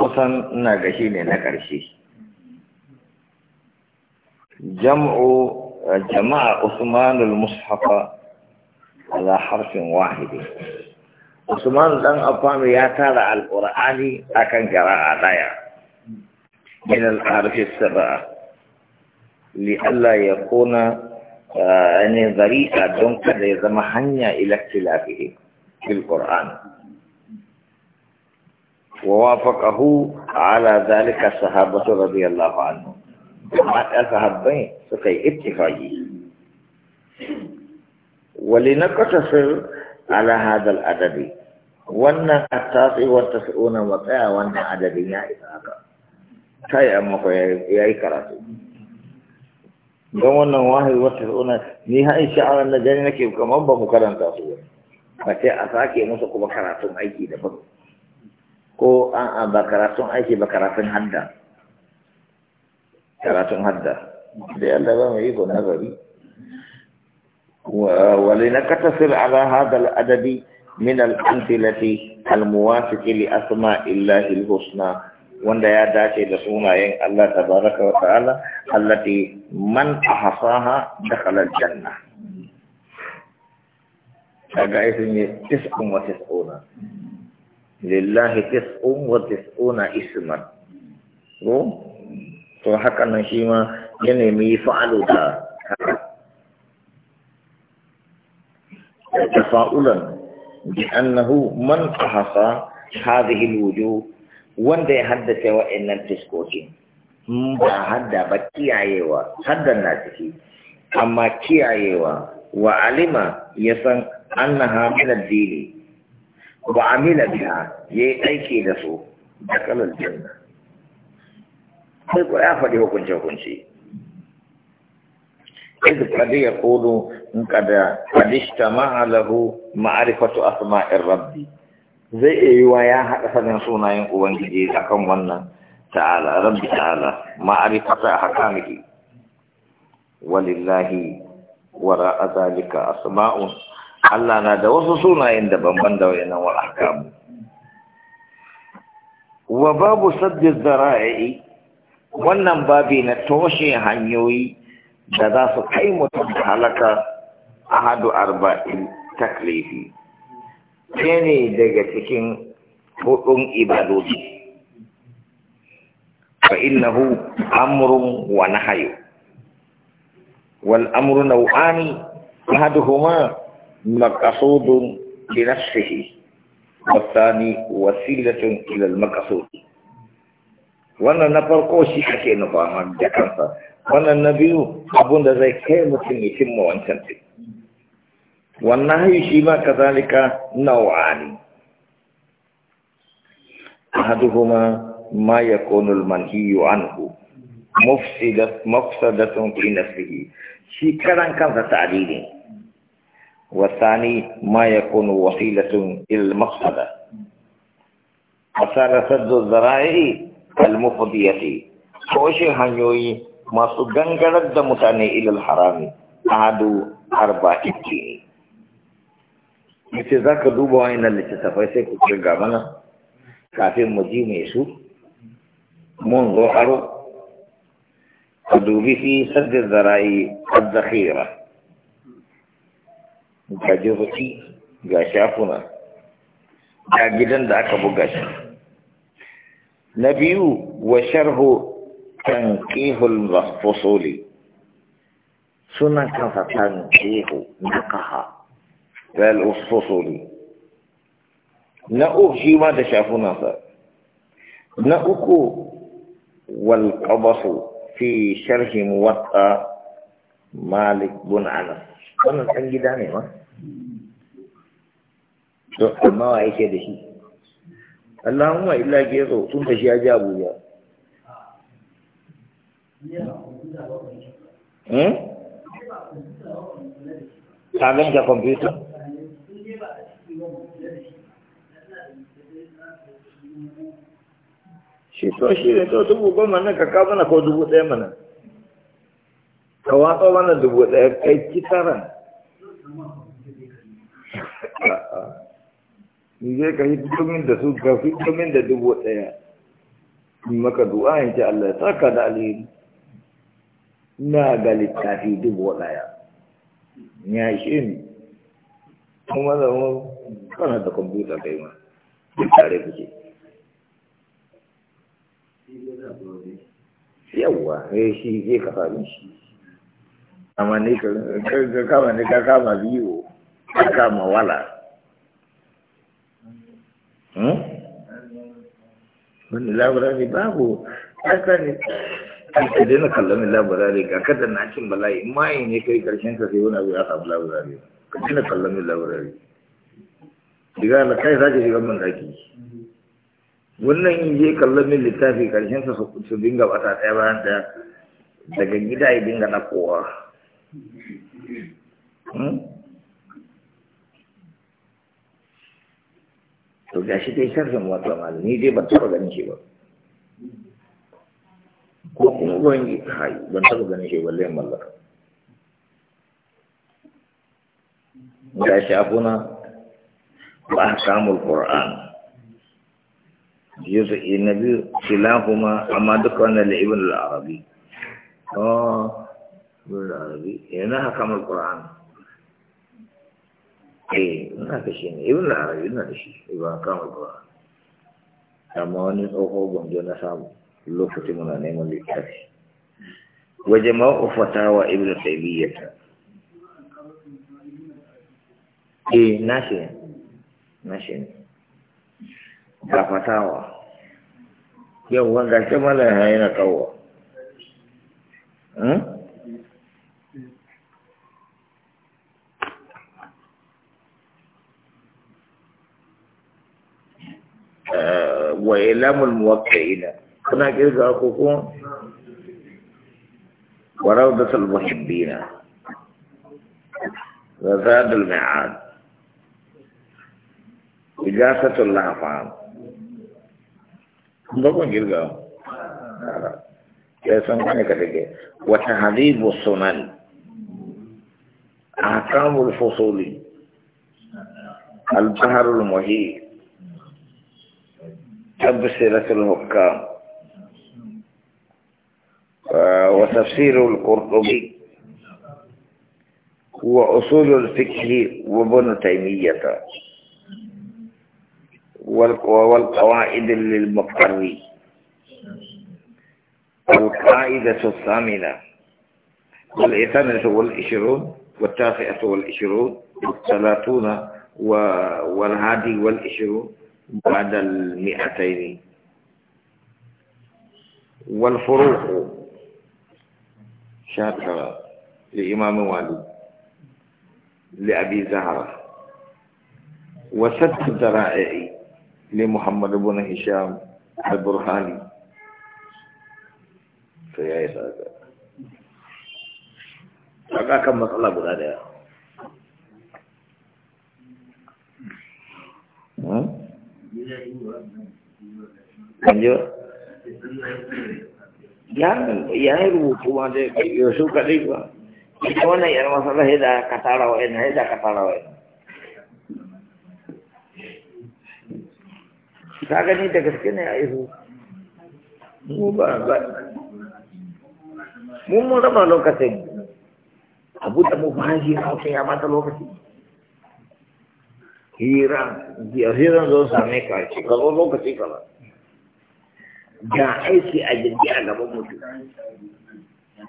kusan ina ga shi ne na ƙarshe jam'u jama'a usmanul mushafa ala harfin wahidi usman dan afami ya tara alqur'ani akan qira'a daya min al-harfi sab'a li alla yakuna ani zariqa don kada ya zama hanya ila tilafihi fil qur'an ووافقه على ذلك الصحابة رضي الله عنهم جماعة الصحابين سكي اتفاقي ولنقتصر على هذا العدد وانا التاسع والتسعون وطاعة وانا عدد يا إساقا كي أمك يا إكراتي جمعنا واحد والتسعون نهاية شعر النجاري نكيب كمان بمكرن تاسوين فكي أساكي مسكو بكراتهم أيدي دفن ko a'a ba karatun aiki ba karatun hadda karatun hadda da Allah ba mai iko nazari ولنكتفر على هذا العدد من الأمثلة الموافق لأسماء الله husna, wanda ya dace da sunayen Allah tabaraka wa ta'ala allati man ahsaha dakhala janna kaga isin ne tis'un wa tis'una lillahi tis'un wa tis'una isman to haka nan shi ma ya nemi fa'alu da tafa'ulan bi annahu man ahasa hadhihi alwujuh wanda ya haddace wa'annan fiskokin ba hadda ba kiyayewa haddan na ciki amma kiyayewa wa alima ya san annaha min addini ba amina biya ya yi aiki da su da kanin jirna sai ku ya faɗi hukunce-hukunce idu kadi ya kodo in kada kadista ma'alahu ma'arifatu asma'in rabbi zai iya yiwuwa ya haɗa sanin sunayen ubangiji a kan wannan ta'ala rabbi ta'ala ma'arifata a haka mai walillahi wara a zalika asma'un Allah na da wasu sunayen daban-ban da wayannan wani wa babu sabbin zara'i wannan babi na toshe hanyoyi da za su kai mutum da halaka ahadu arba'in taklifi ke ne daga cikin hudun ibadoji fa innahu amrun wa nahyu wal amru hadu ahaduhuma مقصود لنفسه والثاني وسيلة إلى المقصود wannan na farko shi kake nufa da kansa wannan na biyu abun da zai kai mutum ya cimma wancan ce wannan hayu shi ma kazalika naw'ani ahaduhuma ma yakunu al-manhiyu anhu mufsidat mafsadatun fi nafsihi shi karan kansa ta'dili والثاني ما يكون وسيلة إلى المقصد وصار سد الذرائع المفضية خوشي هنيوي ما سجن قرد متاني إلى الحرام عادوا أربع إبتين مثل ذاك دوبا إن اللي تتفايسي كتير قامنا كافي مجيم يسو من ظهر فدوبي في سد الذرائع الذخيره ga jihohi ga shafuna ga gidan da aka buga shi na biyu wa sharhu tanqihul mafsuli sunan kansa fa tanqihu nakaha wal usfusuli na uku shi ma da shafuna sa na uku wal qabasu fi sharhi muwatta malik bin anas wannan dan gida ne ma to amma wa yake da shi Allahumma illa gezo tun da shi ya ji Abuja hmm ka ganka computer shi to shi ne to dubu goma nan ka kawo mana ko dubu ɗaya mana ka watsa mana dubu ɗaya kai kitaran in zai ka yi domin da su ka hiddo da dubu ɗaya in maka du'a in ce Allah ya saka da alheri na ga littafi dubu ɗaya ya shi ne kuma da mu kana da kwamfuta kai ma tare kuke yawwa eh shi zai ka faɗin shi amma ne ka kama ne ka kama biyu ka kama wala wani labarari babu asali ake daina kallon labarari ga kada na cin bala'i mayin ne kai karshen ka sai wani abu ya samu labarari ka daina kallon labarari Diga da kai za ka shiga ban daki wannan in je kallon min littafi karshen sa su dinga bata ɗaya bayan ɗaya daga gida ya dinga na kowa hmm? to ga shi dai sharhin wata malam ni dai ban taɓa ganin shi ba ko kuma ban yi kai ban taɓa ganin shi ba lai mallaka ga shi abuna ba a kamul qur'an juz'i na biyu ma amma duka wannan da ibn al-arabi oh ibn al-arabi yana eh, hakamul qur'an eh ina ke shi ne ibn arabi ina da shi ibn eh, kama ba amma wani tsoho gwanjo na samu lokacin muna neman littafi waje ma'u fatawa ibn taymiyyah eh na shi ne na shi ne ba fatawa yau wanda shi mala yana kawo hmm? وإعلام الموكئين هناك إذا أقفون وروضة المحبين وزاد المعاد إجاسة العفان بقون جلقا كيسان كان كتك وتحديد السنن أحكام الفصول البحر المحيط سيرة الحكام وتفسير القرطبي وأصول الفكر وابن تيمية والقواعد للمقروي القاعدة الثامنة والإثنة والعشرون والتاسعة والعشرون والثلاثون والهادي والعشرون بعد المئتين والفروق شاكر لإمام والي لأبي زهرة وسد الذرائع لمحمد بن هشام البرهاني فيا هذا هذا كم مسألة هذا kanjo ya ya yi rubutu ma dai yau su kaɗai ba ita wannan yar masarar haida ka tara wa yana haida ka tara wa yana ka gani da gaske ne a ihu mu ba ba mun mun raba lokacin abu mu lokaci hira zan zo same ka ce ka zo lokaci ka ga aiki a jirgi a gaban mutum